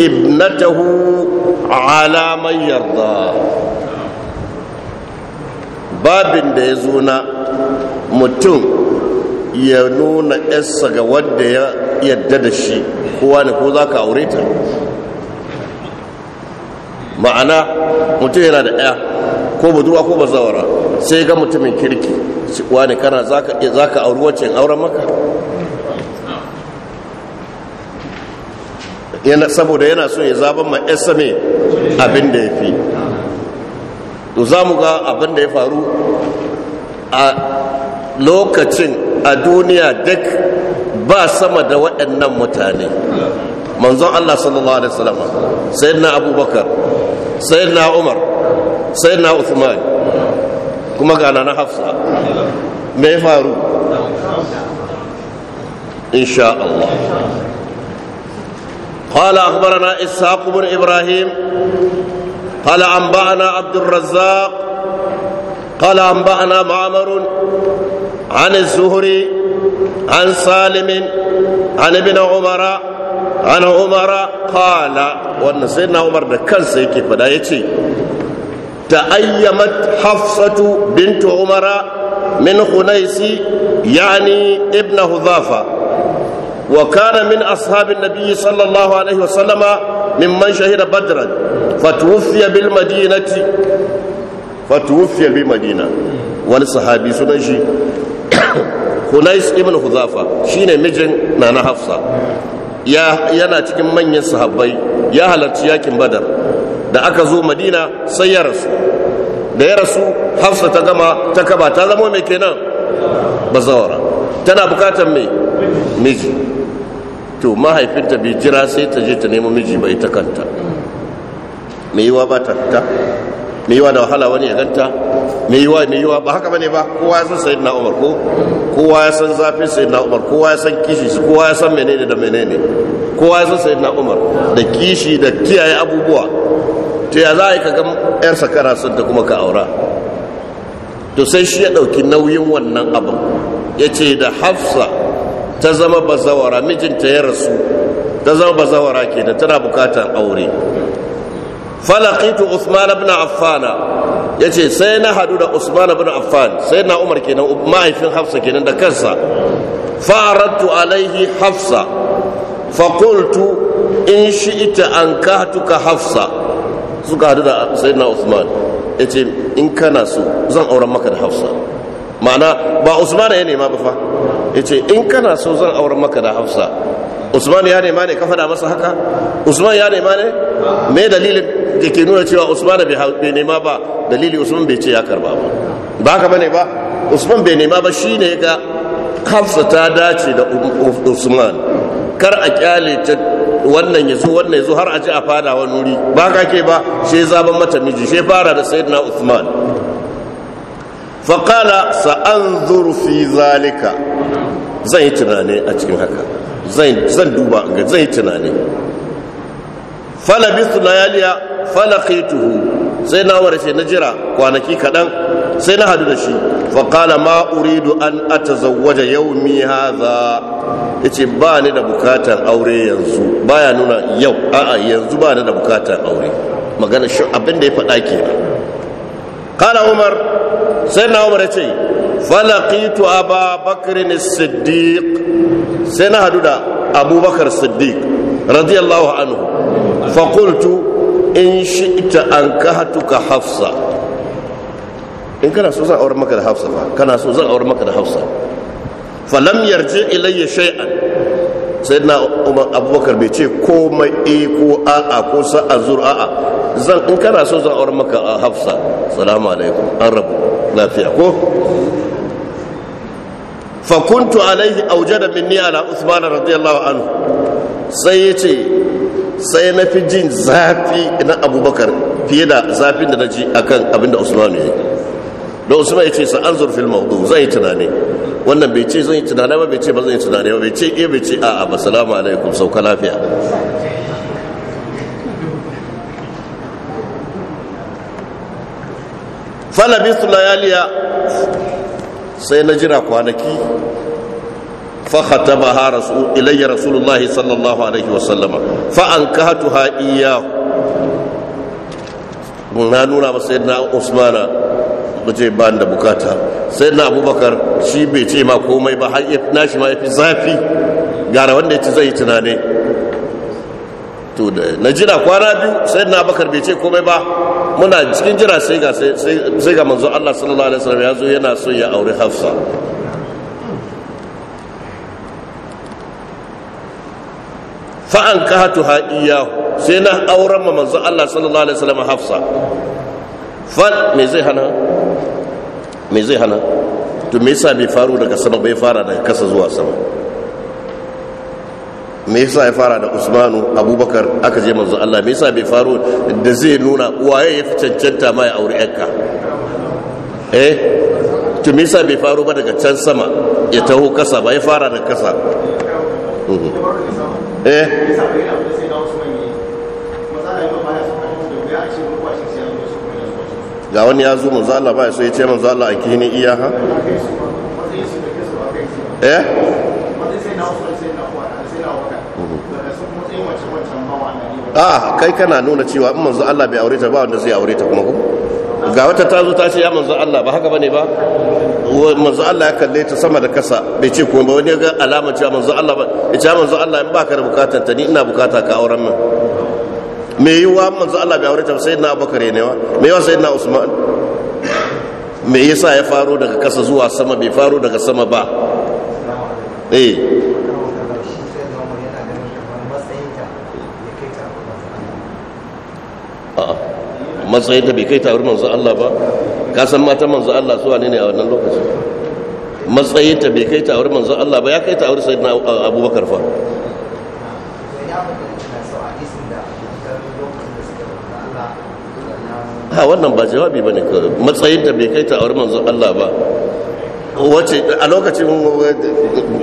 ابنته على من يرضى babin da ya zo na mutum ya nuna yarsa ga wadda ya yadda da shi kowa ne ko za ka aure ta ma'ana mutum yana da ɗaya ko budurwa ko bazawara sai ga mutumin kirki wani kana za ka auri wacce auren maka yana saboda yana so ya zaben ma yasa mai abin da ya fi to za mu ga abin da ya faru a lokacin a duniya duk ba sama da waɗannan mutane manzon Allah sallallahu alaihi wasallam sayyidina abubakar sayyidina umar sayyidina uthman kuma ga na hafsa me ya faru insha Allah قال أخبرنا إسحاق بن إبراهيم قال أنبأنا عبد الرزاق قال أنبأنا معمر عن الزهري عن سالم عن ابن عمر عن عمر قال وأن سيدنا عمر ده كان سيكي فدا يتي تأيمت حفصة بنت عمر من خنيس يعني ابن هذافة وكان من أصحاب النبي صلى الله عليه وسلم ممن شهد بدرا فتوفي بالمدينة فتوفي بالمدينة والصحابي سنجي Hunais ibn Huzafa shine mijin Nana Hafsa yana cikin manyan sahabbai ya halarci yakin Badar da aka zo Madina sai ya rasu da ya rasu Hafsa ta gama ta kaba ta zama mai kenan bazawara tana bukatar mai miji to mahaifinta bai jira sai ta je ta nemo miji bai ta kanta mai yiwa ba ta fita mai yiwa da wahala wani ya ganta me yiwa mai yiwa ba haka bane ba kowa ya san sayyid na umar ko kowa ya san zafin sayyid na umar kowa ya san kishi kowa ya san menene da menene kowa ya san sayyid na umar da kishi da kiyaye abubuwa to ya za a yi ka ga yar sakara sun ta kuma ka aura to sai shi ya ɗauki nauyin wannan abin ya ce da hafsa ta zama bazawara mijinta ya rasu ta zama bazawara kenan tana bukatar aure falakitu usman ibn affana ce sai na hadu da usman ibn affan sai na umar kenan mahaifin hafsa kenan da kansa fa'aradtu alaihi hafsa faqultu in shi'ita an kahtuka hafsa suka hadu da sayyidina usman ya ce in kana so zan auren maka da hafsa ma'ana ba usman ya nema ba fa ya ce in kana so zan auren maka da hafsa usman ya nema ne ka faɗa masa haka usman ya nema ne me dalilin da ke nuna cewa usman bai nema ba dalili usman bai ce ya karba ba ba haka bane ba usman bai nema ba shine ga hafsa ta dace da usman kar a kyale ta wannan yazo wannan yazo har a ji a fada wani wuri ba ka ke ba sai zaban mata miji sai fara da sayyidina usman sa سأنظر في zalika. zan yi tunani a cikin haka zan duba ga zan yi tunani falabistu layaliya tuhu, sai na warshe na jira kwanaki kaɗan sai na hadu da shi faƙala ma uridu an atazawwaja yaumi hadha ce ba ni da bukatar aure yanzu ba ya nuna yau a'a yanzu ba ni da bukatar aure magana shi abin da ya faɗa ba. Ƙala umar sai na umar ya ce falaqitu aba bakrin siddiq sai na hadu da abubakar siddiq radiyallahu anhu fakultu in shi'ta an kahatuka hafsa in kana so zan aure maka da hafsa ba kana so zan aure maka da hafsa falam yarji ilayya shay'an sai na umar abubakar bai ce komai e ko a'a ko sa'a zur a'a zan in kana so zan aure maka a ah, hafsa salamu alaikum an rabu lafiya ko alaihi a alaihi da minni ala usman radiyallahu anhu sai ya ce sai na fi jin zafi na abubakar fiye da zafin da na ji kan abin da usman ya yi da usman ya ce sa an zurfil maudu zai yi tunani wannan bai ce zan yi tunani ba bai ce ba zan yi tunani ba bai ce iya eh, bai ce a'a ba salamu alaikum sauka lafiya falabistu layaliya sai na jira kwanaki فختمها رسول إلي رسول الله صلى الله عليه وسلم فأنكهتها إياه na nuna ba sai na usmana ba ce ba da bukata sai na abubakar shi bai ce ma komai ba har na shi ma ya fi zafi gara wanda ya ci zai tunane to da na jira kwana biyu sai na abubakar bai ce komai ba muna cikin jira sai ga sai ga manzo Allah sallallahu alaihi wasallam ya zo yana so ya aure Hafsa fa an ha iyahu sai na auren ma manzo Allah sallallahu alaihi wasallam Hafsa fa me zai hana me zai hana to me yasa bai faru daga sama bai fara daga kasa zuwa sama me yasa ya fara da usmanu abubakar aka je manzo Allah me yasa bai faro da zai nuna waye ya fi cancanta ma ya aure yakka eh to me yasa bai faro ba daga can sama ya taho kasa ba ya fara da kasa mhm. eh ga wani ya zo manzo Allah ba ya so ya ce manzo Allah a kini iyaha eh a ah, kai kana nuna cewa in manzo Allah bai aure ta ba wanda zai aure ta kuma ko ga wata ta zo ta ce ya manzo Allah ba haka bane ba manzo Allah ya kalle ta sama da kasa bai ce kuma ba wani ga alama cewa manzo Allah ba ya ce manzo Allah in baka da bukatar ta ni ina bukata ka auren min me yiwa manzo Allah bai aure ta sai na Abubakar ne wa me yiwa sai na Usman me yasa ya faro daga kasa zuwa sama bai faro daga sama ba eh matsayin da bai kai tawar manzo Allah ba ka san matan manzo Allah su wane ne a wannan lokaci matsayin ta bai kai tawar manzo Allah ba ya kai tawar sayyidina Abubakar fa ha wannan ba jawabi bane matsayin ta bai kai tawar manzo Allah ba wace a lokacin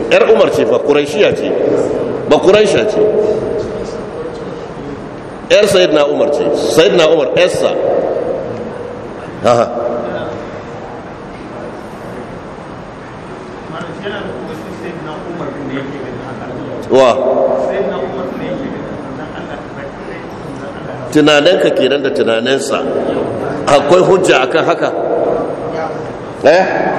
yar Umar ce fa Quraishiya ce ba Quraisha ce yar sayid na umar ce sayid na umar yarsa wa tunaninka kenan da tunaninsa akwai hujja akan haka eh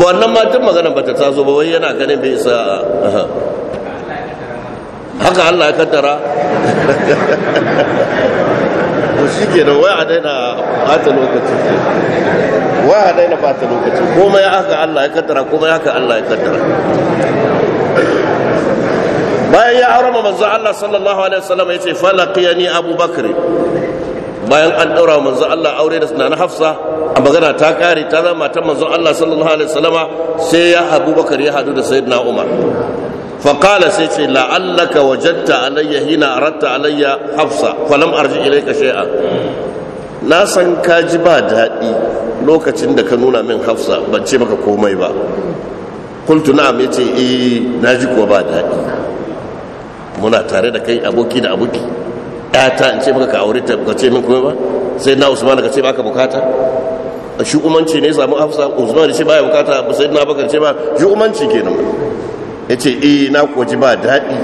ba wannan matan magana ba ta taso ba wai yana ganin bai isa haka allah ya kaddara to shi ke nan wai a daina bata lokaci wai a daina bata lokaci ya haka allah ya kaddara ya haka allah ya kaddara bayan ya aure ma manzo allah sallallahu alaihi wasallam ya ce falaqiyani Bakr bayan an daura manzo allah aure da sunan hafsa magana ta kare ta zama ta manzon Allah sallallahu alaihi wasallama sai ya Abubakar ya hadu da sayyidina Umar la allaka wajadta alayya hina aratta alayya hafsa fa lam arji ilayka شيئا na san ka ji ba daɗi lokacin da ka nuna min hafsa ban ce maka komai ba kultu na'am yace ce eh na ji ko ba daɗi muna tare da kai aboki da aboki ya ta in ce maka ka aure ta ka ce min komai ba sai na usman ka ce baka bukata shu'umanci ne samu hafsa usman ce baya bukata ba sai na bakar ce ba ke kenan ya ce eh na kuwa ba daɗi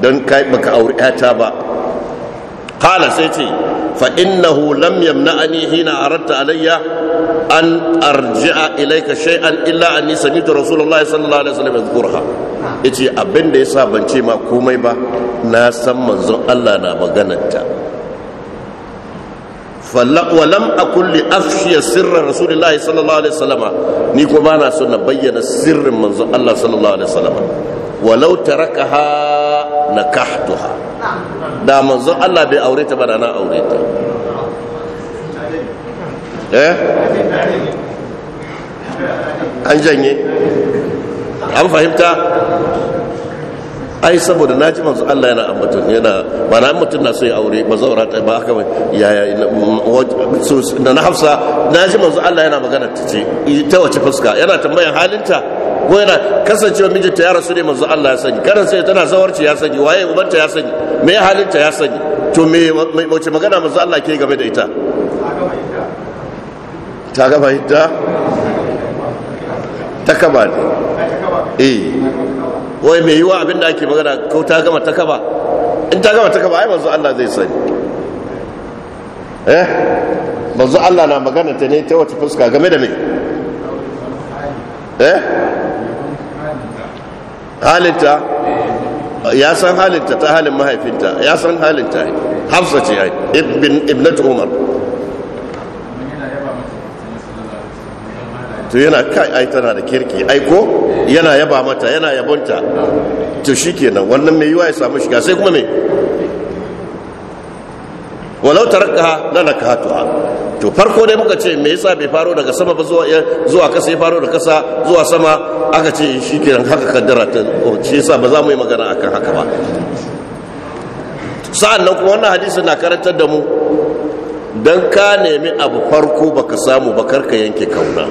don kai baka aure ta ba kala sai ce fa yamna lam yamna'ani hina a ratta alayya an ilaika shai an illa an anni sami'tu rasulullahi sallallahu alaihi wasallam Ya ce abinda sa ban ce ma komai ba na san manzon Allah na maganarta ولم أكن لأفشي سر رسول الله صلى الله عليه وسلم نيكو بانا سنة بيّن سر من الله صلى الله عليه وسلم ولو تركها نكحتها دا من الله بأوريت بنا أنا أوريت ايه an ام فهمتها ai saboda na ji manzo Allah yana ambaton yana ba na mutum na so ya aure ba zaura ta ba haka ya na na hafsa na ji manzo Allah yana magana ta ce ta wace fuska yana tambayan halinta ko yana kasancewa mijinta ya rasu ne manzo Allah ya sani karan sai tana zawarci ya sani waye ubanta ya sani me halinta ya sani to me wace magana manzo Allah ke game da ita ta gaba ita ta kaba ne eh wai mai abin abinda ake magana ko ta gama ta kaba in ta gama ta kaba ai manzo Allah zai sani eh manzo Allah na magana ta ne ta wata fuska game da me eh halinta ya san halinta ta halin mahaifinta ya san halinta hafsa ce ai ibn ibnatu umar to yana kai ai tana da kirki ai ko yana yaba mata yana yabonta to shikenan wannan mai yiwa ya samu shiga sai kuma me walau tarakaha la nakatuha to farko dai muka ce me yasa bai faro daga sama ba zuwa zuwa kasa ya faro da kasa zuwa sama aka ce shikenan haka kaddara ta shi yasa ba za mu yi magana akan haka ba sa'an nan kuma wannan hadisi na karantar da mu don ka nemi abu farko baka samu bakar ka yanke kauna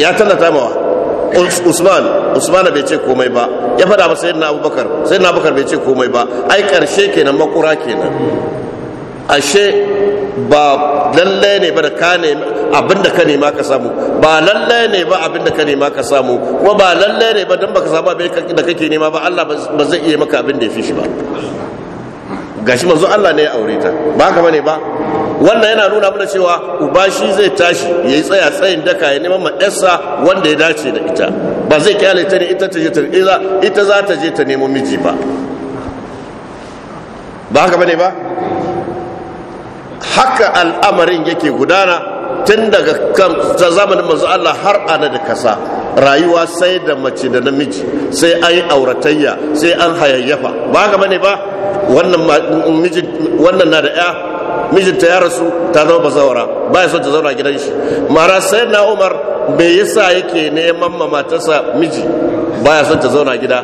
ya tallata mawa usman usman bai ce komai ba ya fada masa sayyidina abubakar sayyidina abubakar bai ce komai ba ai karshe kenan makura kenan ashe ba lallai ne ba da ka ne abinda ka nema ka samu ba lallai ne ba abinda ka nema ka samu kuma ba lallai ne ba don baka samu abin da kake nema ba Allah ba zai iya maka abin da ya fi shi ba gashi manzo Allah ne ya aure ta ba ba bane ba wannan yana nuna mana cewa uba shi zai tashi ya yi tsaya tsayin daka ya neman maɗarsa wanda ya dace da ita ba zai kyale ta ne ita ta je ta ita za ta je ta nemo miji ba ba haka bane ba haka al'amarin yake gudana tun daga kan zamanin manzo Allah har ana da kasa rayuwa sai da mace da namiji sai an yi auratayya sai an hayayyafa ba haka bane ba wannan na da ya mijinta ya rasu ta zama bazawara baya son ta zauna gidan shi mara sai na umar me yasa yake neman ma matarsa miji baya son ta zauna gida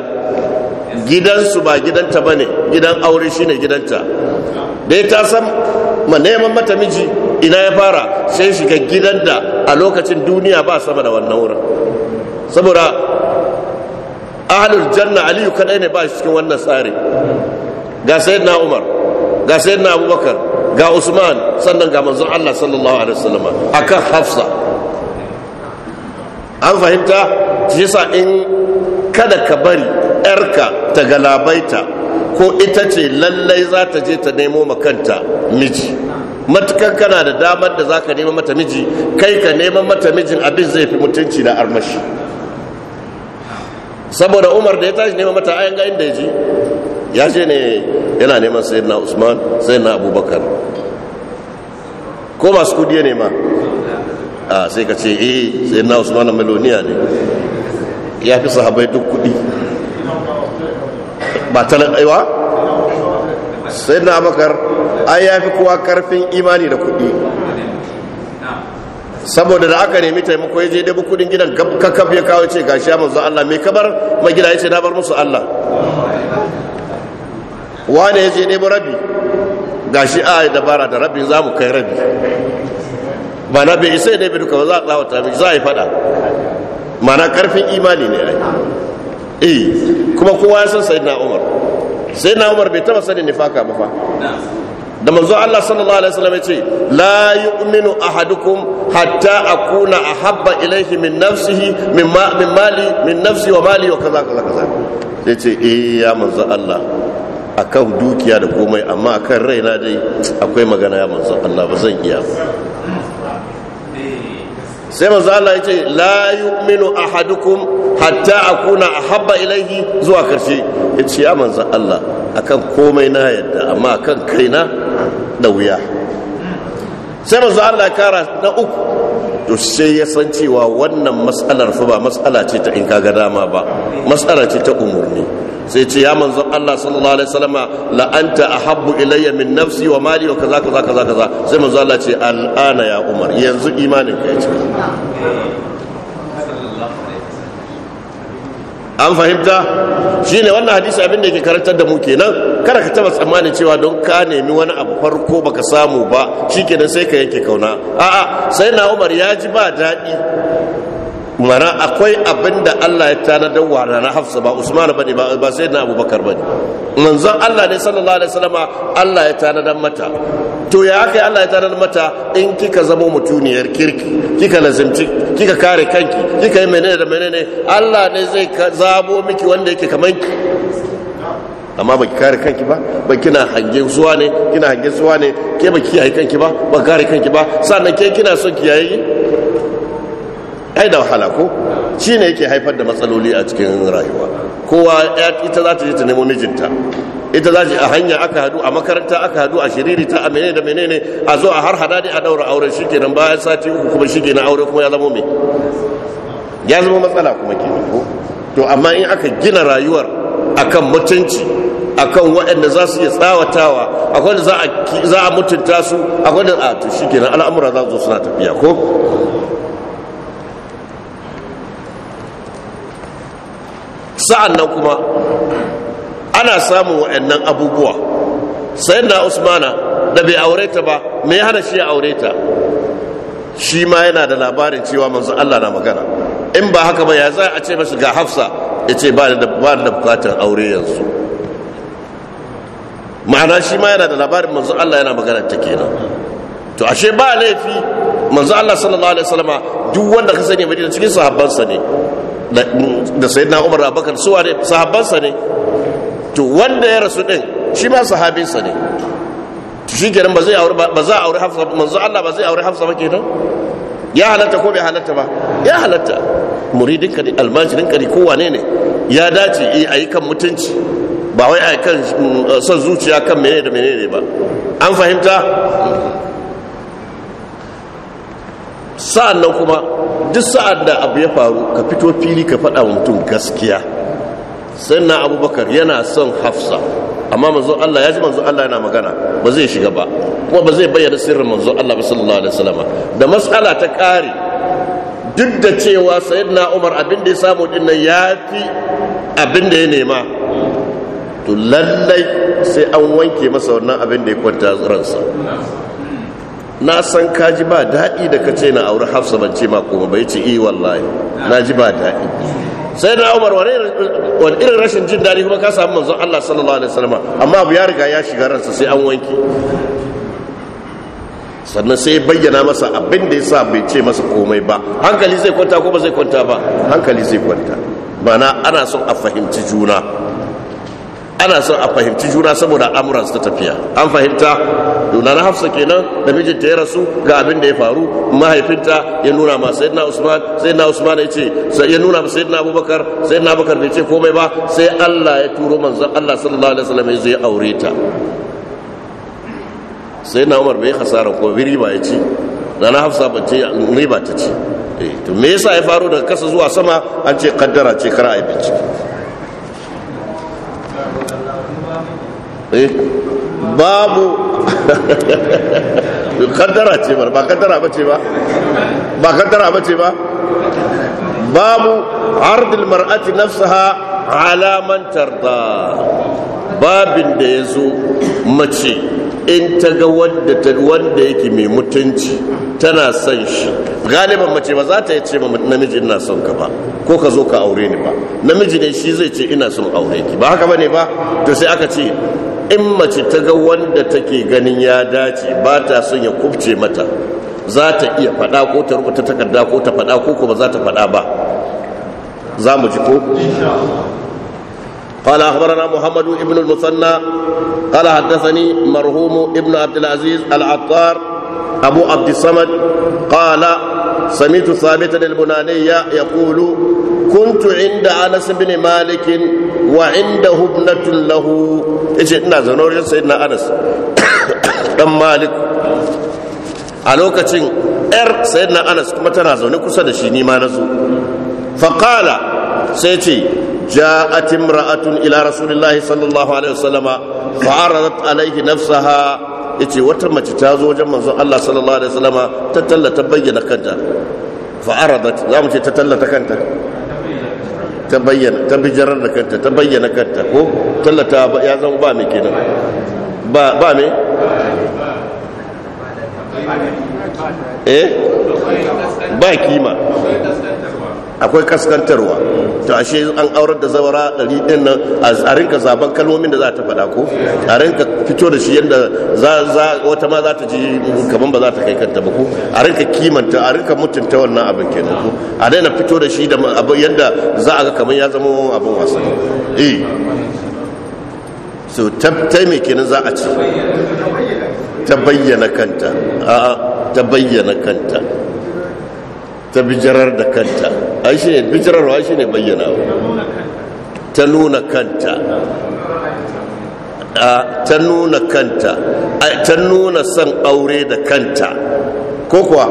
gidansu ba gidanta bane gidan aure shine gidanta dai ta san ma neman mata miji ina ya fara sai shiga gidan da a lokacin duniya ba sama da wannan wurin saboda ahlul janna aliyu kadai ne ba shi cikin wannan tsari ga sayyidina umar ga sayyidina abubakar ga usman sannan ga manzon allah sallallahu alaihi wasallam akan hafsa an fahimta shi yasa in kada ka bari yarka ta galabaita ko ita ce lallai za ta je ta nemo makanta miji matukan kana da damar da za ka nema mata miji kai ka neman mata mijin abin zai fi mutunci da armashi saboda umar da ya tashi neman mata ayan ga inda ya ji ya ce ne yana neman sayyidina usman sayyidina abubakar ko masu kudi ne ma a sai ka ce eh sayyidina usman meloniya ne ya fi sahabai duk kudi ba talaiwa sayyidina abubakar ai ya fi kowa karfin imani da kudi saboda da aka nemi taimako ya je dabu kudin gidan kakaf ya kawo ce gashi ya manzo Allah mai kabar mai gida ya ce na bar musu Allah wane ya je nemo rabi Ga shi a dabara da rabi za mu kai rabi ba na bai isai ne bai duka ba za a tsawata mai za a yi fada mana karfin imani ne ai eh kuma kowa ya san na umar na umar bai taba sanin nifaka ba fa da manzo Allah sallallahu alaihi wasallam yace la yu'minu ahadukum hatta akuna ahabba ilayhi min nafsihi min mali min nafsi wa mali wa kaza kaza kaza yace eh ya manzo Allah akan dukiya da komai amma akan raina dai akwai magana ya manzo Allah ba zan iya sai manzo Allah ya ce la yu'minu ahadukum hatta akuna ahabba ilayhi zuwa karshe ya ce ya manzo Allah akan komai na yadda amma akan kaina da wuya sai manzo Allah kara na uku to sai ya san cewa wannan mas'alar fa ba mas'ala ce ta in kaga dama ba mas'ala ce ta umurni sai ce ya manzo Allah sallallahu alaihi wasallama la anta ahabbu ilayya min nafsi wa mali wa kaza kaza kaza kaza sai manzo Allah ce al'ana ya Umar yanzu imanin ka ya cika an fahimta shi ne wannan hadisi abin da yake karantar da mu kenan kada ka taba tsammanin cewa don ka nemi wani abu farko baka samu ba shi kenan sai ka yanke kauna a'a sai na Umar ya ji ba daɗi mana akwai abin da Allah ya tanadar wa na Hafsa ba Usman ba ba ba sai na Abubakar ne manzon Allah ne sallallahu alaihi wasallama Allah ya tanadar mata to ya aka Allah ya tanadar mata in kika zama mutuniyar kirki kika lazimci kika kare kanki kika yi menene da menene Allah ne zai zabo miki wanda yake kaman ki amma baki kare kanki ba ba kina hangen zuwa ne kina hangen zuwa ne ke baki kiyaye kanki ba ba kare kanki ba sannan ke kina son kiyaye ai da wahala ko shi ne yake haifar da matsaloli a cikin rayuwa kowa ita za ta je ta nemo mijinta ita za a hanya aka hadu a makaranta aka hadu a shiriri ta a menene da menene a zo a har hada ne a daura auren shi nan bayan sati uku kuma shi na aure kuma ya zama me ya zama matsala kuma ne ko to amma in aka gina rayuwar akan mutunci akan waɗanda za su iya tsawatawa akwai da za a mutunta su akwai da a to shi nan al'amura za su zo suna tafiya ko sa'an nan kuma ana samun waɗannan abubuwa sayan na usmana da bai aure ta ba me hana shi ya aure ta shi ma yana da labarin cewa manzo Allah na magana in ba haka ba ya za a ce mashi ga hafsa ya ce ba da bukatar aure yanzu ma'ana shi ma yana da labarin manzo Allah yana magana ta kenan to ashe ba laifi manzo Allah sallallahu alaihi wasallama duk wanda ka sani madina cikin sahabbansa ne da na umar abubakar su ne sahabansa ne to wanda ya rasu din shi ma sahabinsa ne To shi kenan ba zai ba za a aure hafsa manzo Allah ba zai aure hafsa ba kenan ya halatta ko bai halatta ba ya halatta muridin ka ne almajirin ka ne ko wane ne ya dace eh ayi kan mutunci ba wai ayi kan mm, son zuciya kan menene da menene ba an fahimta sa'an nan kuma duk sa'an da abu ya faru ka fito fili ka faɗa wa mutum gaskiya sai na abubakar yana son hafsa amma manzo Allah ya ji manzo Allah yana magana ba zai shiga ba kuma ba zai bayyana sirrin manzo Allah ba sallallahu alaihi wasallam da mas'ala ta kare duk da cewa sayyidina Umar abin da ya samu din nan fi abin da ya nema to lallai sai an wanke masa wannan abin da ya kwanta ransa na san ka ji ba daɗi da ka ce na auri hafsa ban ce ma kuma bai ce iya eh, wallahi na ji ba daɗi sai na umar wani irin rashin jin daɗi kuma ka samu manzon allah sallallahu alaihi wasallam amma abu ya riga ya shiga ransa sai an wanke sannan sai bayyana masa abin da ya sa bai ce masa komai ba hankali zai kwanta ko ba zai kwanta ba hankali zai kwanta na ana son a fahimci juna ana son a fahimci juna saboda amuran ta tafiya an fahimta nuna na hafsa kenan da mijinta ya rasu ga abin da ya faru mahaifinta ya nuna ma sayyidina usman sayyidina usman ya ce ya nuna ma sayyidina abubakar sayyidina abubakar bai ce komai ba sai Allah ya turo manzon Allah sallallahu alaihi wasallam ya zo ya aure ta sayyidina umar bai hasara ko biri ba ya ci na hafsa ba ce ba ta ci eh, to me yasa ya faru daga kasa zuwa sama an ce kaddara ce kar a yi bincike Eh, babu kaddara ce ba ba ba ce ba ba kaddara ba ce ba babu ardil mar'ati nafsaha ala man tarda babin da yazo mace in ta ga wanda ta wanda yake mai mutunci tana son shi galiban mace ba za ta yi ce namiji ina son ka ba ko ka zo ka aure ni ba namiji ne shi zai ce ina son aure ki ba haka bane ba to sai aka ce in mace ta ga wanda take ganin ya dace ba ta son ya kubce mata za ta iya faɗa ko ta rubuta takarda ko ta faɗa ko kuma za ta faɗa ba za mu ji ko قال أخبرنا محمد بن المثنى قال حدثني مرهوم ابن عبد العزيز العطار أبو عبد الصمد قال سمعت ثابتا البناني يقول كنت عند أنس بن مالك wa inda hubnatun lahu ya ce ina zaune wajen sai na anas dan malik a lokacin yar sai na anas kuma tana zaune kusa da shi nima na zo faƙala sai ce جاءت امرأة إلى رسول الله صلى الله عليه وسلم فعرضت nafsaha نفسها ce wata mace ta zo wajen manzon Allah sallallahu alaihi wasallama ta tallata bayyana kanta fa za mu ce ta tallata kanta ta bayyana ta bijirar da kanta ta bayyana kanta ko tallata ya zama ba mai kenan ba ba mai eh ba kima akwai kaskantarwa to ashe an aurar da zawara ɗari ɗin nan a rinka zaben kalmomin da za ta faɗa ko a rinka fito da shi yadda za za wata ma za ta ji kaman ba za ta kai kanta ba ko a rinka kimanta a rinka mutunta wannan abin kenan ko a daina fito da shi da abin yadda za a ga kaman ya zama abin wasa eh so tabtai me kenan za a ci ta bayyana kanta a ta bayyana kanta ta bijirar da kanta aishi ne bijirarwa aishi ne bayyanawa ta nuna kanta ta nuna kanta ta nuna son aure da kanta ko kuwa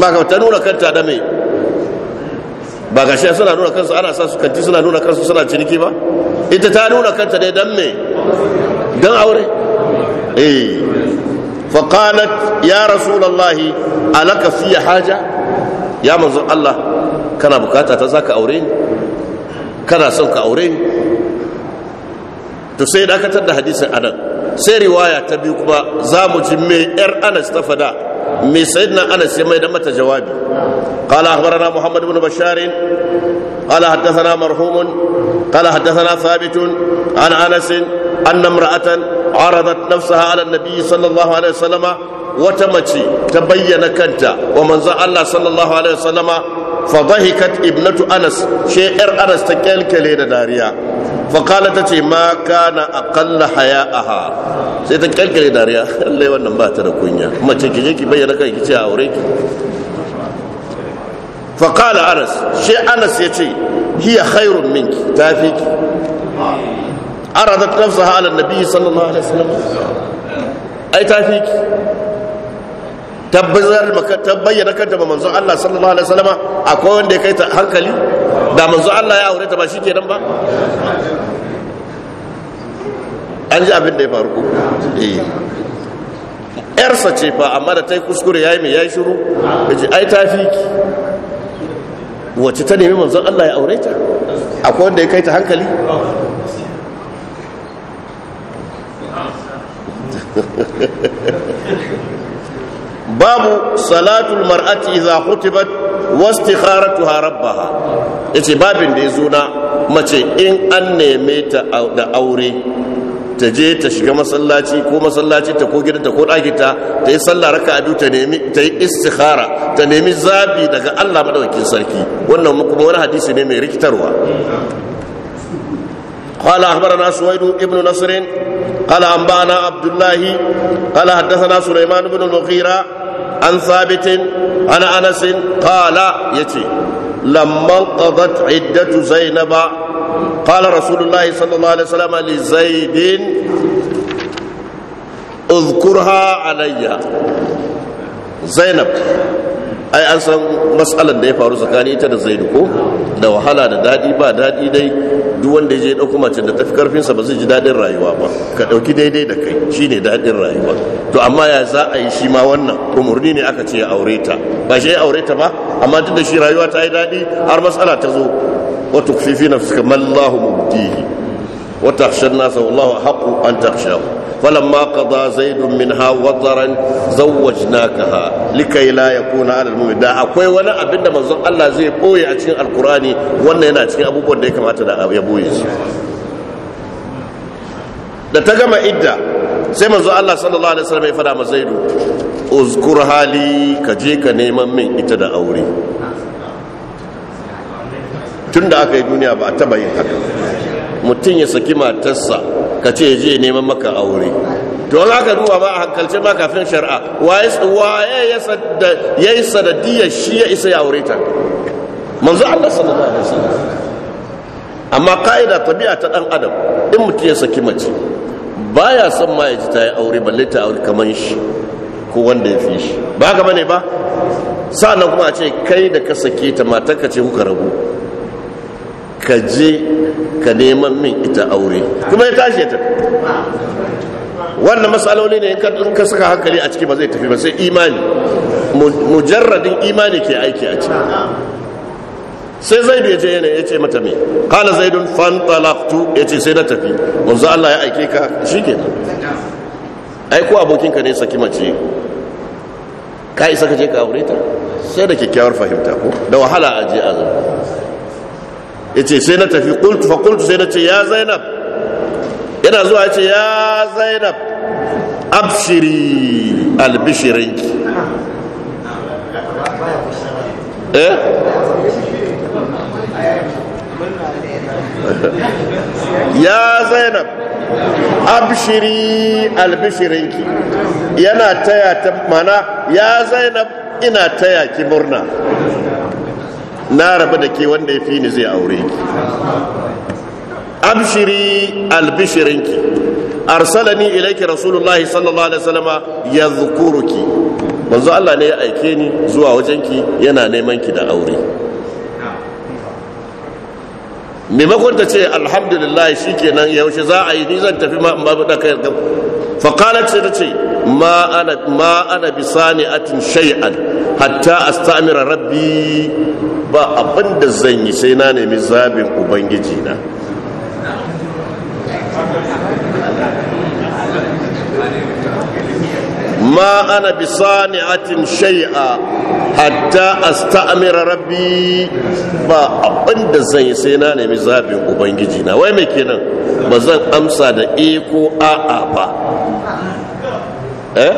ka ta nuna kanta da mai ba ga shi suna nuna kansu ana sa su kanti suna nuna kansu suna ciniki ba ita ta nuna kanta dai don mai don aure eh فقالت ya rasu lallahi alaƙa fiye haja ya منظر Allah. kana bukata ta ka aure ni kana son ka aure ni to sai dakatar da hadisin anan sai riwaya ta biyu kuma za mu ji me yar anas ta fada me sayyidina anas ya mai da mata jawabi قال اخبرنا محمد بن بشار قال حدثنا مرحوم قال حدثنا ثابت عن انس ان امراه عرضت نفسها على النبي صلى الله عليه وسلم وتمتي تبين كنت ومن الله صلى الله عليه وسلم fadahikat ibnatu anas she yar anas ta kyalkyale da dariya faƙala ta ce ma kana aƙalla haya'aha sai ta kyalkyale dariya lallai wannan ba ta da kunya ce ki je ki bayyana kai ki ce aure ki faƙala anas she anas ya ce hiya khairun minki ta fi ki aradat nafsaha ala nabi sallallahu alaihi wasallam ai ta fi ki tabbatar ta bayyana kanta ba manzon Allah sallallahu alaihi wasallama akwai wanda ya kai ta hankali da manzon Allah ya aure ta ba shikenan ba an ji abin da ya faru eh sa ce fa amma da tai kuskure ya yi mai yayi shiru shuru ai ta fi ki wacce ta nemi manzon Allah ya aure ta akwai wanda ya kai ta hankali babu salatul mar'ati idza khutibat wastikharatuha rabbaha yace babin da yazo na mace in an neme ta da aure ta je ta shiga masallaci ko masallaci ta ko gidanta ko dakinta ta yi sallah raka a biyu ta nemi ta yi istikhara ta nemi zabi daga Allah madaukakin sarki wannan kuma wani hadisi ne mai rikitarwa قال اخبرنا سويد بن نصر قال انبانا عبد الله قال حدثنا سليمان بن المغيره an sabitin ana anasin ya yace lamman qadat iddatu zainaba qala rasulullahi sallallahu alaihi wasallam li zaidin uzkurha alayya zainab ai an san matsalar da ya faru tsakanin ita da zaidu ko da wahala da daɗi ba daɗi dai duk wanda je ɗauko macin da tafi karfinsa ba zai ji daɗin rayuwa ba ka ɗauki daidai da kai shine daɗin rayuwa to amma ya za a yi shi ma wannan umarni ne aka ce ya aure ta ba shi ya aure ta ba amma tun da shi rayuwa ta yi daɗi har matsala ta zo wa tukfifi nafsika mallahu mubdihi wa takhsha nasa wallahu haqqu an takhshahu فلما قضى زيد منها وطرا زوجناكها لكي لا يكون على المؤمن da akwai wani abin da manzon Allah zai boye a cikin alkurani wannan yana cikin abubuwan da ya kamata da ya boye shi da ta gama idda sai manzo Allah sallallahu alaihi wasallam ya fada ma Zaidu uzkur hali ka je ka neman min ita da aure tunda aka yi duniya ba a taba yin haka mutum ya saki matarsa ka ce je neman maka aure to za ka duba ba a hankalce ma kafin shari'a waye ya yi sanadiyar shi ya isa ya aure ta manzo Allah sallallahu alaihi wasallam amma ka'ida tabi'a ta dan adam in mutum ya saki mace baya son ma ya ji ta yi aure balle ta aure kamar shi ko wanda ya fi shi ba gaba ne ba sa'annan kuma ce kai da ka sake ta matar ka ce kuka rabu ka je ka neman min ita aure kuma ya tashi ta. wannan matsaloli ne in ka saka hankali a ciki ba zai tafi ba sai imani mujarradin imani ke aiki a ciki sai zaidu ya ce yana ya ce mata me kala zaidun fantalaktu ya ce sai na tafi manzo Allah ya aike ka shi ke nan aiko abokinka ne saki mace ka isa ka je ka aure ta sai da kyakkyawar fahimta ko da wahala a je azan ya ce sai na tafi kultu fa kultu sai na ce ya zainab yana zuwa ya ce ya zainab abshiri albishirinki eh ya zainab abshiri albishirinki yana taya ta mana ya zainab ina taya ki murna na rabu da ke wanda ya fi ni zai aure ki abshiri albishirinki arsalani ilaiki rasulullahi sallallahu alaihi wasallama ki. manzo Allah ne ya aike ni zuwa wajenki yana neman ki da aure maimakon ta ce alhamdulillah shi kenan yaushe za a yi ni zan tafi ma babu da kai فقالت سيدتي ما انا ما انا بصانعه شيئا حتى استامر rabbi ba abin zan yi sai na nemi zabin ubangiji na ما أنا بصانعة شيئا حتى أستأمر ربي فأبند زي سينا نمي زابي أبنجينا ويمي كنا بزن أمسى دا إيكو آآبا eh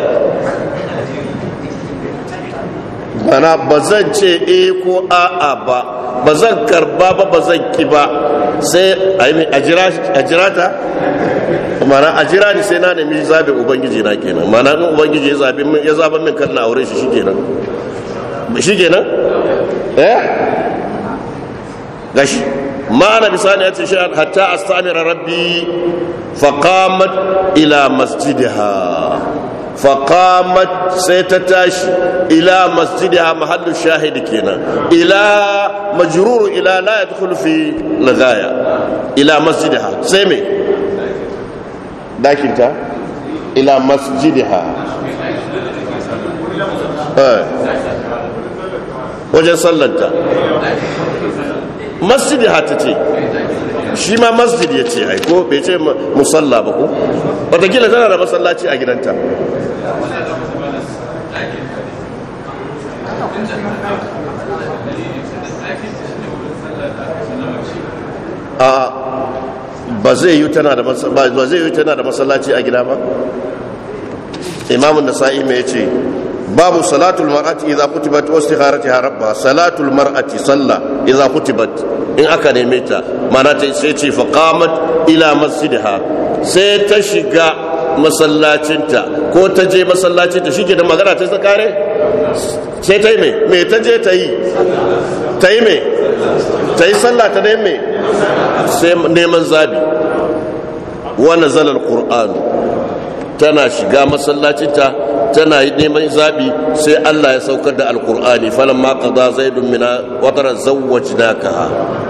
bana ba zan ce e ko a'a ba ba zan karba ba ba zan ki ba sai a jira ta mana a jira ni sai na nemi zabe ubangiji na kenan mana in ubangiji ya zabe min ya zaba min kan na aure shi shikenan shikenan eh gashi ma na bisani ya ce shi hatta astamira rabbi faqamat ila masjidiha tashi ila إلى mahallu محل kenan ila إلى ila la yadkhulu fi في ila إلى sai me dakinta ila masjidiha eh. wajen sallanta masjidiha ta ce shi ma masjid ya ce aiko bai ce musalla ba ko watakila tana da masallaci a gidanta a ba zai yi tana da masallaci a gida ba imamun nasa'i mai ce babu salatul mar'ati idza kutibat wa istikharatiha rabba salatul mar'ati salla idza kutibat in aka neme ta mana ta sai ce fa qamat ila masjidha sai ta shiga masallacinta ko ta je masallacinta ta ke da magana ta tsakare sai ta yi me me ta je ta yi ta yi me ta yi sallah ta dai me sai neman zabi wani zalar ƙur'an tana shiga masallacinta tana yi neman zabi sai allah ya saukar da alƙur'ani falon maka za zai dummina watar zawwaci na ka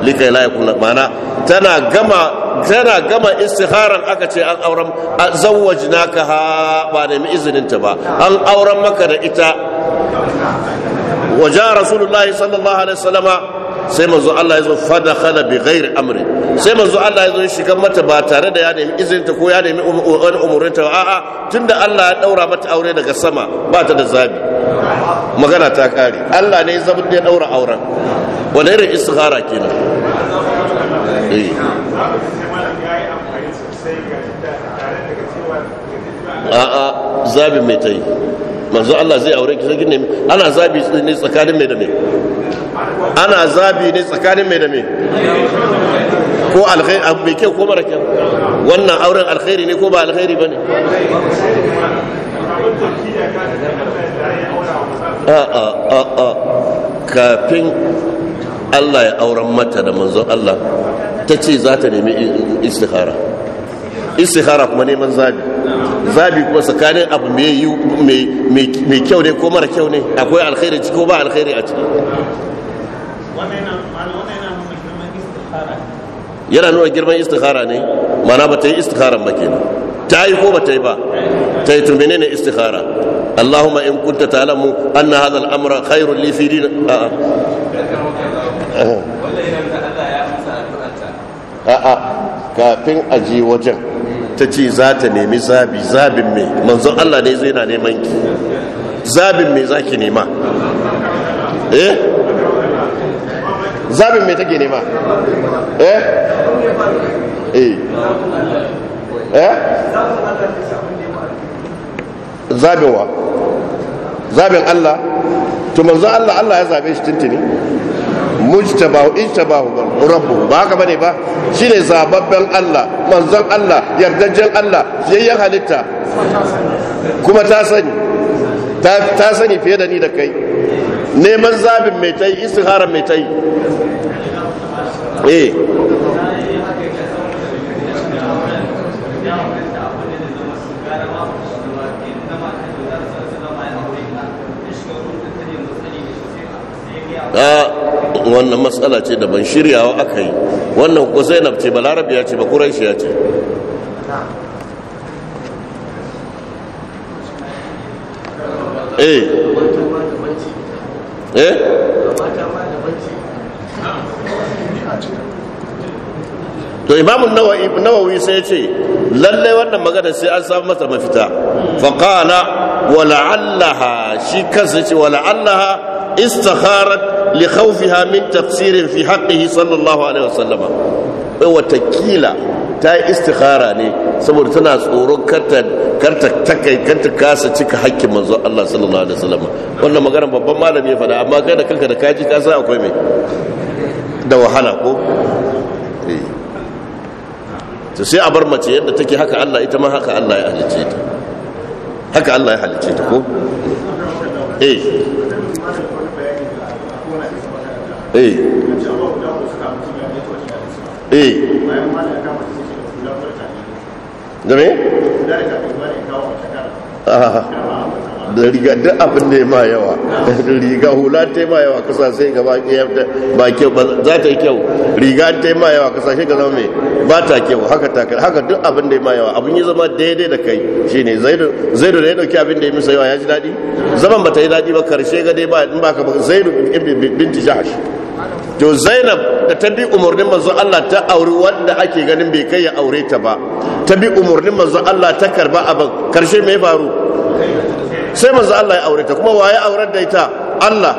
likai layi kuna mana tana gama tana gama istiharan aka ce an auren zawwaji na ka ba nemi izininta ba an auren maka da ita wajen rasulullahi sallallahu alaihi wasallama sai manzo Allah ya zo fada khala bi ghairi amri sai manzo Allah ya zo shiga mata ba tare da ya nemi ta ko ya nemi umurin umurinta ba a'a tunda Allah ya daura mata aure daga sama ba ta da zabi magana ta kare Allah ne ya zabi da ya daura auren wani irin istikhara kenan eh a'a zabi mai ta yi manzo Allah zai aure ki sai kin ana zabi ne tsakanin mai da mai ana zabi ne tsakanin mai da mai ko alkhairi abu mai kyau ko mara kyau wannan auren alkhairi ne ko ba alkhairi ba ne. kafin Allah ya auren mata da manzo Allah ta ce za ta nemi istikhara istikhara kuma neman zabi zabi kuma tsakanin abu mai kyau ne ko mara kyau ne akwai alkhairi ciki ko ba alkhairi a ciki yana nuna girman istikhara ne mana ba ta yi istikharan ba kenan ta yi ko ba ta yi ba ta yi tun menene istikhara allahumma in kunta ta'lamu anna hadha al-amra khairun li fi din a a'a kafin aji wajen ta ce za ta nemi zabi zabin mai manzon Allah ne zai na neman ki zabin mai za ki nema eh zabin mai ke nema eh eh eh zabin wa zabin Allah to manzon Allah Allah ya zabe shi tuntuni mujtabahu ijtabahu rabbuhu ba haka bane ba shine zababben Allah manzon Allah yardajjen Allah yayyan halitta kuma ta sani ta sani fiye da ni da kai neman zabin mai tai istihara mai tai eh Uh... wannan matsala ce da ban shiryawa aka yi wannan ko zainab ce ba larabiya ce ba ya ce eh eh to imamun nawawi sai ce lallai wannan magana sai an samu mata mafita wala allaha shi kansa ce allaha istakharat li khawfiha min tafsirin fi haqqihi sallallahu alaihi wasallam bai watakila ta yi istikhara ne saboda tana tsoron karta karta takai karta kasa cika hakkin manzo Allah sallallahu alaihi wasallam wannan magana babban malami ya faɗa amma kai da kanka da kaji ka san akwai mai da wahala ko eh. to sai a bar mace yadda take haka Allah ita ma haka Allah ya halice ta haka Allah ya halice ta ko eh eh eh zame? da riga duk abin da ya ma yawa riga hula ta ma yawa kasashe ga ba kyau ba za ta yi kyau riga ta ma yawa kasashe ga zama mai ba ta kyau haka takar haka duk abin da ya ma yawa abin yi zama daidai da kai shi ne zaidu da ya dauki abin da ya misa yawa ya ji daɗi zaman ba ta yi daɗi ba karshe ga dai ba ka zaidu binti jahash to zainab da ta bi umarnin manzon Allah ta auri wanda ake ganin bai kai ya aure ta ba ta bi umarnin manzon Allah ta karba abin karshe mai faru sai manzon Allah ya aure ta kuma waye aure da ita Allah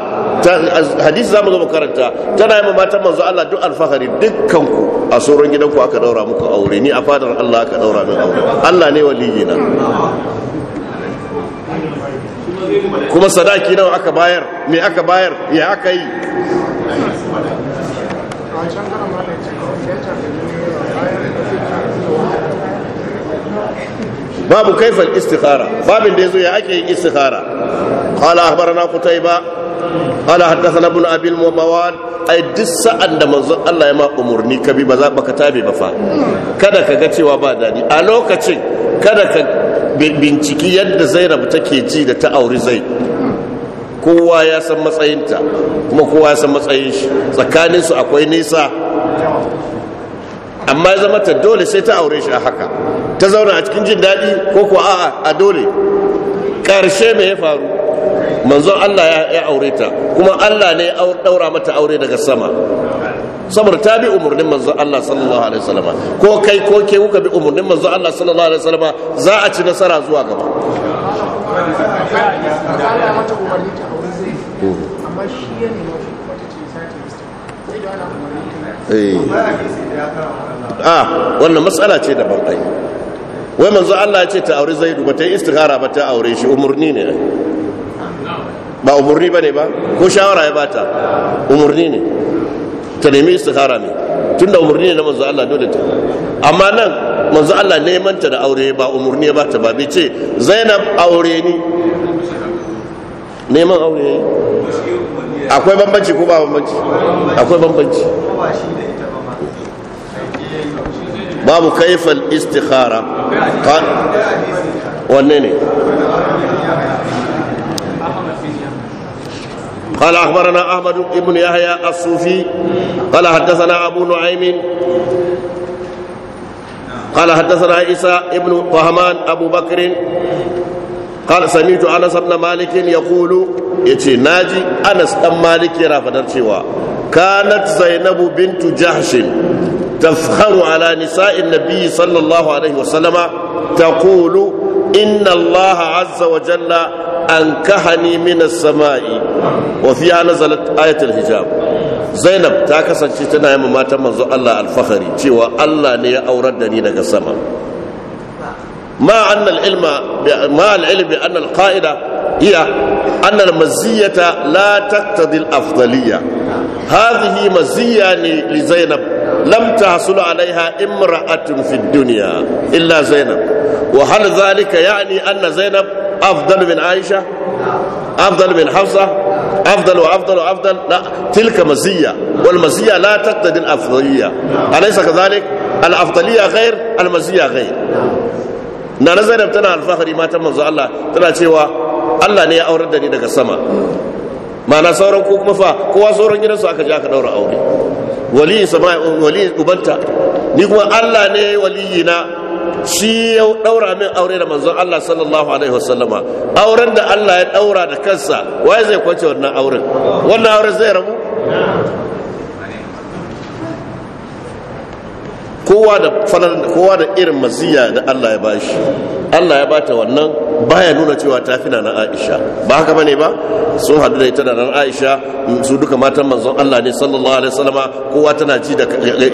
hadisi zamu zo makaranta tana yi matan manzon Allah duk alfahari dukkan ku a tsoron gidanku aka daura muku aure ni a fadar Allah aka daura min aure Allah ne na? kuma sadaki nawa aka bayar me aka bayar ya aka yi babu kaifal istikhara babin da yazo ya ake yin istikhara qala akhbarana qutayba qala hadathana ibn abil mawad ai duk sa'an da manzon Allah ya ma umurni ka bi ba za baka tabe ba fa kada ka ga cewa ba dadi a lokacin kada ka binciki yadda Zainab take ji da ta auri zai. kowa ya san matsayinta kuma kowa ya san matsayin shi tsakaninsu akwai nisa amma ya zama ta dole sai ta aure shi a haka ta zauna a cikin jin daɗi ko kuwa a'a a dole ƙarshe mai ya faru manzo Allah ya aure ta kuma Allah ne ya daura mata aure daga sama saboda ta bi umarnin manzo Allah sallallahu alaihi wasallam ko kai ko ke kuka bi umarnin manzo Allah sallallahu alaihi wasallam za a ci nasara zuwa gaba amma shi ya ce eh. ah, wannan matsala ce daban bankai wai manzo Allah ya ce ta aure zaidu ba ta yi istikhara ba ta aure shi umurni ne ba umurni ne ba ko shawara ya bata umurni ne ta nemi istikhara ne tunda umurni ne na manzo Allah dole ta amma nan manzo Allah neman ta da aure ba umurni ya bata ba bai ce Zainab aure ni neman aure yayi akwai bambanci ko ba bambanci akwai bambanci babu kaifal istikhara wanne ne قال أخبرنا أحمد بن يحيى الصوفي قال حدثنا أبو نعيم قال حدثنا عيسى أبو بكر قال سمعت انس بن مالك يقول يتي ناجي انس بن مالك يرى فدرتوا كانت زينب بنت جحش تفخر على نساء النبي صلى الله عليه وسلم تقول ان الله عز وجل أنكحني من السماء وفيها نزلت آية الحجاب Zainab ta kasance tana yi matan manzo Allah alfahari cewa Allah ne ya aurar da ni daga sama مع أن العلم مع العلم بأن القاعدة هي أن المزية لا تقتضي الأفضلية هذه مزية لزينب لم تحصل عليها امرأة في الدنيا إلا زينب وهل ذلك يعني أن زينب أفضل من عائشة أفضل من حفصة أفضل وأفضل وأفضل لا تلك مزية والمزية لا تقتضي الأفضلية أليس كذلك الأفضلية غير المزية غير na na zainab tana alfahari matan manzo Allah tana cewa Allah ne ya aurar da ni daga sama ma'ana sauran ko kuma fa kowa sauran gidansu aka je aka daura aure wali sama wali ubanta ni kuma Allah ne waliyi na shi ya daura min aure da manzon Allah sallallahu alaihi wasallama auren da Allah ya daura da kansa wai zai kwance wannan auren wannan auren zai rabu kowa da kowa da irin maziya da Allah ya bashi Allah ya bata wannan baya nuna cewa ta fi nana Aisha ba haka bane ba sun hadu da ita da nan Aisha su duka matan manzon Allah ne sallallahu alaihi wasallama kowa tana ji da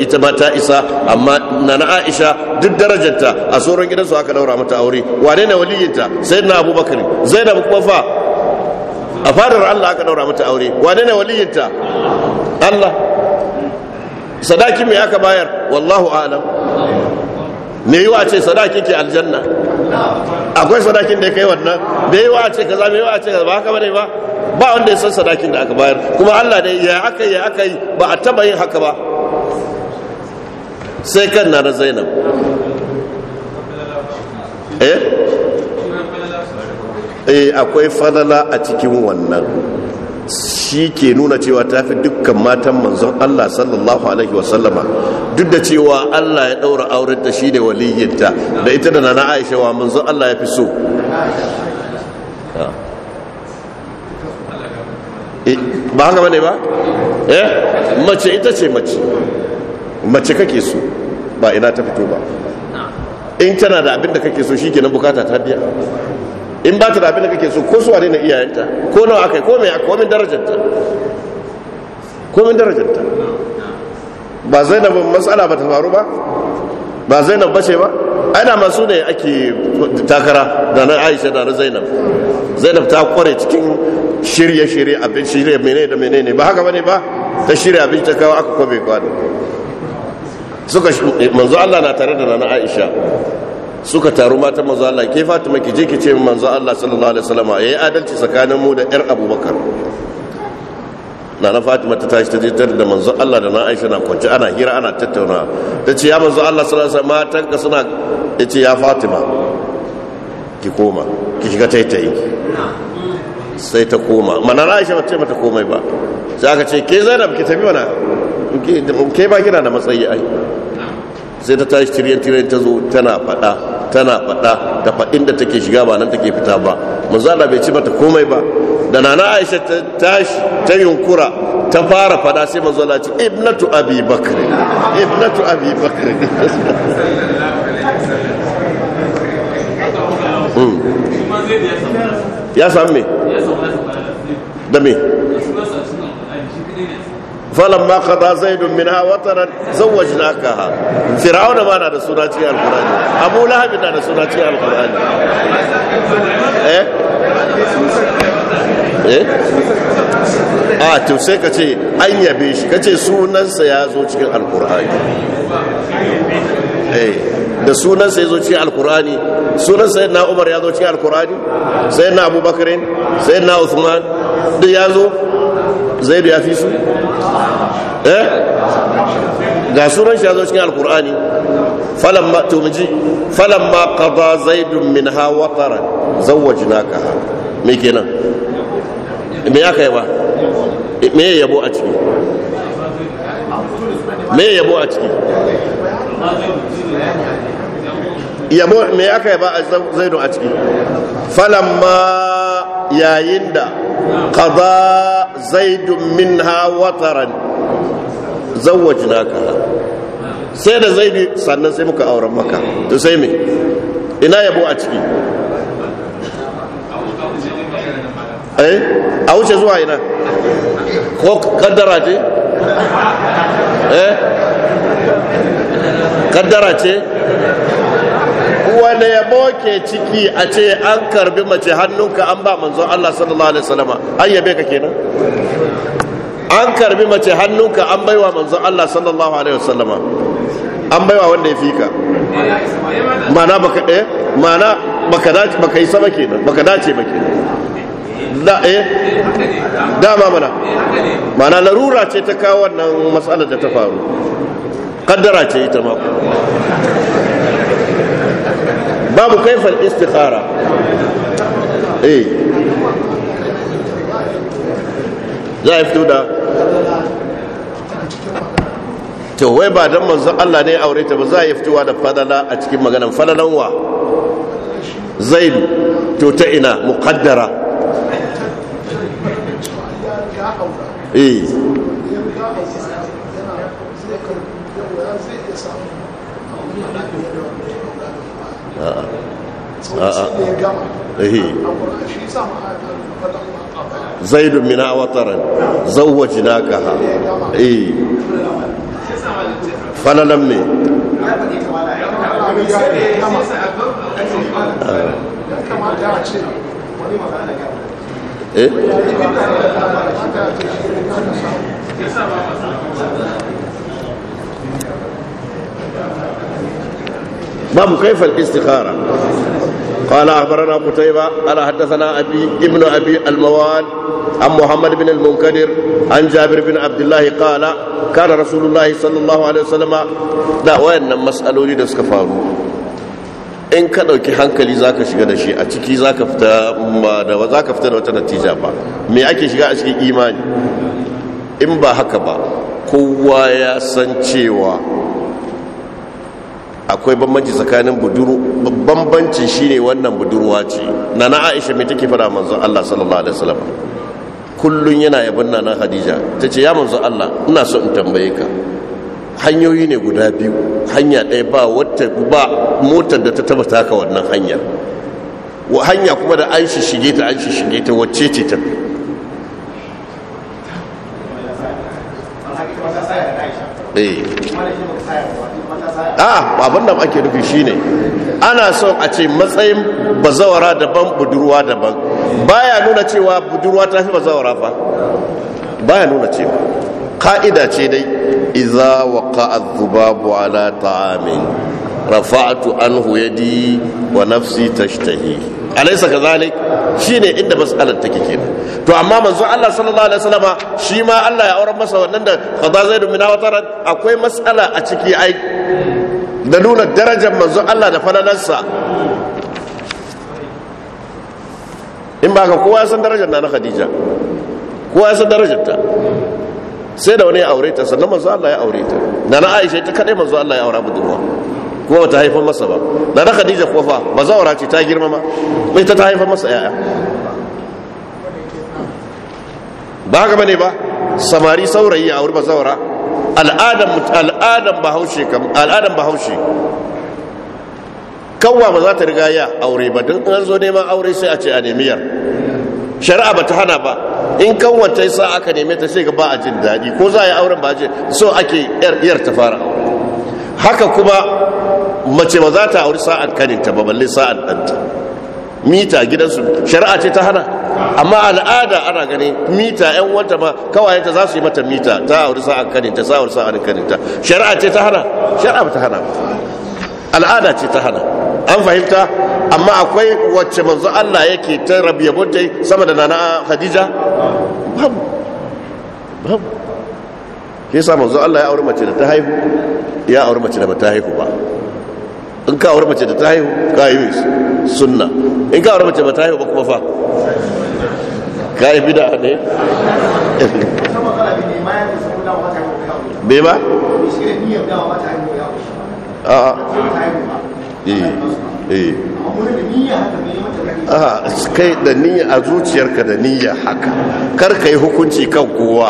ita ma ta isa amma nana Aisha duk darajarta a sauran gidansu aka daura mata aure wane ne waliyinta sayyidina Abubakar Zainab kuma fa a fadar Allah aka daura mata aure wane ne waliyinta Allah sadaki me aka bayar wallahu alam me wa ce sadaki ke aljanna akwai sadakin da ya kai wannan da wa ce kaza me yiwa ce kaza ba haka bane ba ba wanda ya san sadakin da aka bayar kuma Allah da ya aka ya aka yi ba a taba yin haka ba sai kan na Zainab eh eh akwai fadala a cikin wannan shi ke nuna cewa ta fi dukkan matan manzon Allah sallallahu alaihi wasallama duk da cewa Allah ya ɗaura auren ta shi da waliyyinta da ita da nana Aisha wa manzon Allah ya fi so eh, ba hanga bane ba eh mace ita ce mace mace kake so ba ina ta fito ba in tana da abin da kake so shi shikenan bukata ta biya in ba ta da abin da kake so ko suwa ne na iyayenta ko nawa aka yi ko a komin darajarta komin darajarta ba zainab matsala ba ta faru ba ba zainab ba ce ba ai da masu ne ake takara da na aisha da na zainab zainab ta kware cikin shirye shirye abin shirye menene da menene ba haka bane ba ta shirya abin ta kawo aka kwabe kwado suka manzo Allah na tare da na aisha suka taru matan manzo Allah ke Fatima ki je ki ce manzo Allah sallallahu alaihi wasallam ya yi adalci tsakanin mu da yar Abubakar nana Fatima ta tashi ta je tare da manzo Allah da na Aisha na kwance ana hira ana tattauna ta ce ya manzo Allah sallallahu alaihi wasallam matanka suna ya ce ya Fatima ki koma ki shiga taitayi sai ta koma mana na Aisha ce mata komai ba sai aka ce ke Zainab ki tafi mana ke ba kina da matsayi ai sai ta tashi tiryan tiryan ta zo tana fada tana fada da fadin da take shiga ba nan take fita ba manzo Allah bai ci mata komai ba da nana Aisha ta tashi ta yunkura ta fara fada sai manzo Allah ce ibnatu abi bakr ibnatu abi bakr hmm. ya san me da me falon ma ka zai domin ha wata ran na da suna an yabe shi ka sunansa ya zo cikin alkurani da sunan sai zo cikin alkurani sunan sai na umar ya zo cikin alkurani sai na abubakar sai na usman duk ya zo zaidu ya fi su eh ga sunan shi ya zo cikin alkurani miji falan ma qada zaidun minha watara zawwajnaka me kenan me ya kai ba me ya yabo a ciki me ya yabo a ciki yabo me aka yaba a zaidun a ciki falamma yayin da qada zaidun ha wataran zawwajnaka sai da zaidu sannan sai muka auren maka to sai me ina yabo a ciki eh a wuce zuwa ina ko kaddara ce eh kaddara ce da ya boke ciki a ce an karbi mace hannunka an ba manzon Allah sallallahu alaihi wasallama an yabe ka kenan an karbi mace hannunka an baiwa manzon Allah sallallahu alaihi wasallama an baiwa wanda ya fika mana baka eh mana baka dace baka yi sama kenan baka dace ba kenan da eh dama mana mana larura ce ta kawo wannan matsalar da ta faru kaddara ce ita ma babu kaifal istikhara eh za a fito da to ba dan manzon Allah ne aure ta ba za a fitowa da fadala a cikin maganan fadalan wa zaid to ta ina mukaddara eh Uh-uh. اه, آه. إيه. زيد منا وطرا زوجناكها اي فانا لمي كما آه. إيه. كيف الاستخاره قال أخبرنا قتيبة قال حدثنا أبي ابن أبي الموال عن محمد بن المنكدر عن جابر بن عبد الله قال كان رسول الله صلى الله عليه وسلم لا وين مسألة da suka faru in ka ɗauki hankali za ka shiga da shi a ciki za ka fita da wata natija ba me ake shiga a cikin imani in ba haka ba kowa ya san cewa akwai bambanci tsakanin buduru bambancin shine wannan budurwa ce na na aisha mai take fara manzon Allah sallallahu alaihi wasallam kullun yana yabon nana Khadija tace ya manzon Allah ina so in tambaye ka hanyoyi ne guda biyu hanya ɗaya ba wata ba motar da ta taba ka wannan hanyar hanya kuma da an shige ta an shige ta wacce ce ta eh a abin da ake nufi shine ana son a ce matsayin bazawara daban budurwa daban baya nuna cewa budurwa ta fi bazawara fa baya nuna cewa ka'ida ce dai iza wa ka'ad dhubabu ala ta'amin rafa'atu anhu yadi wa nafsi tashtahi alaysa shi ne inda mas'alar take kenan to amma manzo Allah sallallahu alaihi wasallama shi ma Allah ya auren masa wannan da qada zaidu min awtarat akwai mas'ala a ciki ai da nuna darajar manzo Allah da falalansa in ba ka kowa ya san darajar na na Khadija kowa ya san darajar ta sai da wani ya aure ta sannan manzo Allah ya aure ta da na Aisha ta kadai manzo Allah ya aura budurwa kuma bata haifar masa ba na da khadija kuwa fa ba zaura ce ta girmama mai ta haifar masa yaya ba haka bane ba samari saurayi a wurin bazawara al'adan al'adan bahaushe kam al'adan bahaushe kawwa ba za ta riga ya aure ba don an zo neman aure sai a ce a nemiyar shari'a ba ta hana ba in kan wancan sa aka neme ta sai ga ba a jin daɗi ko za a yi auren ba a je so ake yar ta fara aure haka kuma mace ba za ta auri sa'ad kaninta ba balle sa'ad ɗanta mita gidansu shari'a ce ta hana amma al'ada ana gani mita yan wanta ma kawayenta za su yi mata mita ta auri sa'ad kaninta sa'ad sa'ad kaninta shari'a ce ta hana shari'a ba ta hana al'ada ce ta hana an fahimta amma akwai wacce manzo Allah yake ta Rabi rabiyabun ta sama da nana Khadija babu babu yasa manzo Allah ya auri mace da ta haihu ya auri mace da ba ta haihu ba in ka aure mace da ta haihu ka yi sunna in ka aure mace ba ta haihu ba kuma fa ka yi bida ne bai ba? a a kai da niyya a zuciyarka da niyya haka kar ka yi hukunci kan kowa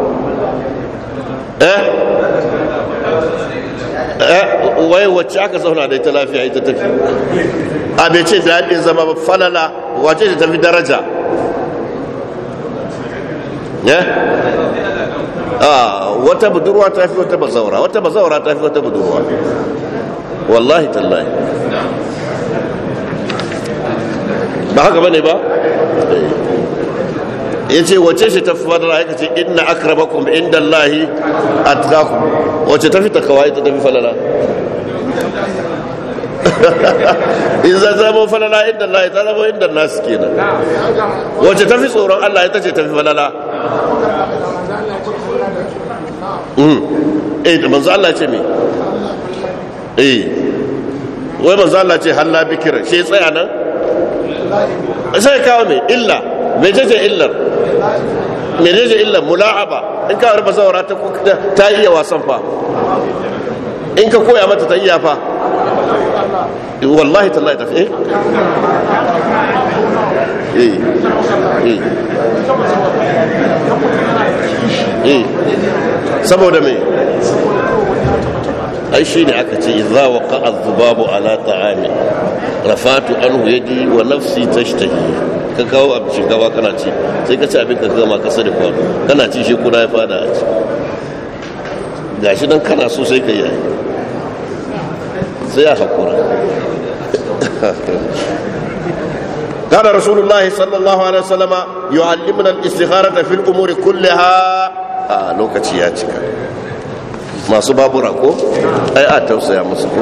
Eh? eh wai wacce aka zauna da ita lafiya ita tafi a bai ce daɗin zama ba falala wace ce tafi daraja ne eh? wata budurwa ta fi wata bazaura wata bazaura ta fi wata budurwa wallahi tallahi ba haka bane ba yace wace shi tafi fadala yake ce inna akramakum indallahi atqakum wace tafi takawa ita tafi falala in za zama falala inda Allah ta zama inda nasu kenan wace tafi tsoron Allah ita ce tafi falala hmm. eh da manzo Allah ce me eh wai manzo Allah ce halla bikira shi tsaya nan sai kawo me illa Mejeje illar mecece illar mula'aba in ka rufe zawara ta iya wasan fa in ka koya mata ta iya fa wallahi tallahi tafi eh? Eh, eh eh saboda me ai shi ne aka ce idza waqa adh-dhubabu ala ta'ami rafatu anhu yadi wa nafsi tashtahi ka kawo abu shinkafa kana ci sai ka ci abin ka gama kasa da kwano kana ci shi kuna ya fada a ci gashi nan kana so sai ka yayi sai ya hakura قال رسول الله صلى الله عليه وسلم يعلمنا الاستخارة في الأمور كلها آه لوكتي يا masu babura ko ai a tausaya musu ko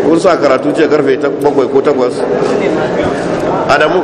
kun sa karatu ce karfe 7 ko 8 adamu